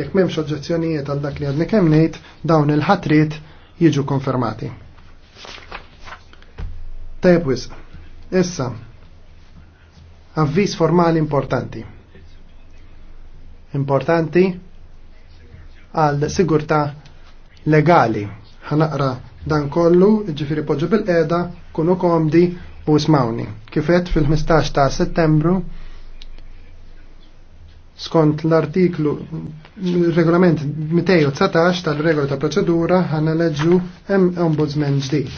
Jekk m'hemmx oġġezzjonijiet għal dak li għadni kemm ngħid, dawn il-ħatrit jiġu konfermati. Tajbwis, wisq. Issa, avviż formali importanti. Importanti għal sigurta legali. Ħanaqra dan kollu, ġifiri poġġu bil eda kunu komdi u smawni. Kifet fil-15 ta' settembru skont l-artiklu regolament 219 tal-regola ta' proċedura ħanna leġu hemm ombudsman ġdid.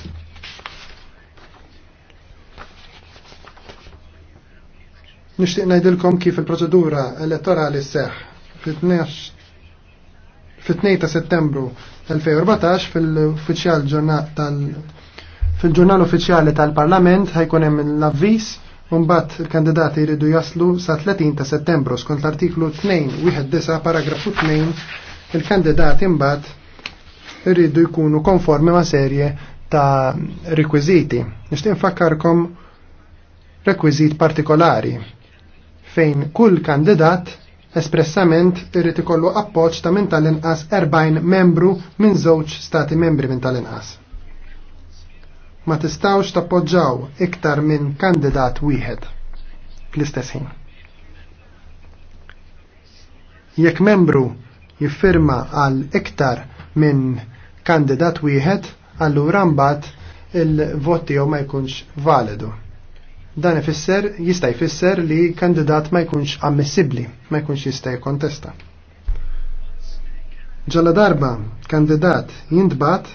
Nixtieq ngħidilkom kif il-proċedura elettorali seħ fit-2 ta' settembru 2014 fil-uffiċjal tal-ġurnal uffiċjali tal-Parlament ħajkun hemm l-avviż Umbat il-kandidati jridu jaslu sa 30 ta' settembru skont l-artiklu 2.19 paragrafu 2 il-kandidati imbat jridu jkunu konformi ma' serje ta' rekwiziti. Nishtin fakkarkom rekwizit partikolari fejn kull kandidat espressament irrid ikollu appoġġ ta' minn tal-inqas 40 membru minn żewġ stati membri minn tal-inqas ma tistawx tappoġġaw iktar minn kandidat wieħed fl-istess ħin. Jekk membru jiffirma għal iktar minn kandidat wieħed, allura mbagħad il-vot tiegħu ma jkunx validu. Dan ifisser jista' jfisser li kandidat ma jkunx ammissibbli, ma jkunx jista' jkontesta. Ġalla darba kandidat jintbat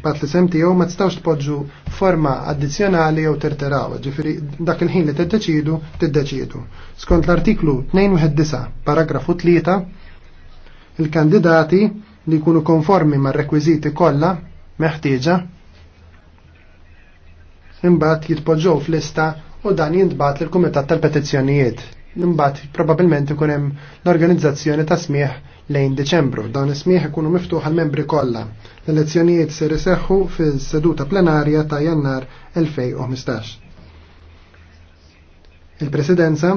Bat li sem tiegħu ma tistgħux tpoġġu forma addizzjonali jew terteraw, ġifieri dak il-ħin li tiddeċidu tiddeċidu. Skont l-artiklu 219 paragrafu 3 il-kandidati li jkunu konformi mar-rekwiżiti kollha meħtieġa imbagħad jitpoġġew f'lista u dan jintbagħat lill-Kumitat tal-Petizzjonijiet Imbagħad probabbilment ikun hemm l-organizzazzjoni ta' smieħ lejn Deċembru. Dawn is-smieħ ikunu miftuħ għal membri kollha. L-elezzjonijiet se riseħħu fis-seduta plenarja ta' Jannar 2015. Il-Presidenza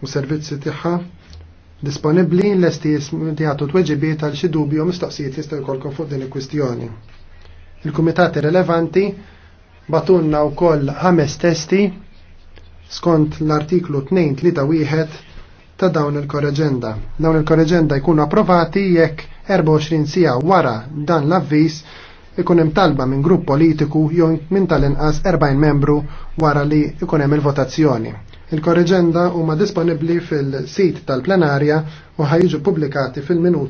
u servizzi tagħha disponibbli lesti jagħtu tweġibiet għal xi dubju u mistoqsijiet jistgħu jkollkom fuq din il-kwistjoni. Il-kumitati relevanti batunna wkoll ħames testi skont l-artiklu 2-3-1 ta' dawn il-korreġenda. Dawn il-korreġenda jkunu approvati jekk 24 sija wara dan l-avvis ikun hemm talba minn grupp politiku jew minn tal-inqas 40 membru wara li ikun hemm il-votazzjoni. Il-korreġenda huma disponibbli fil-sit tal-plenarja u ħajġu pubblikati fil-minuti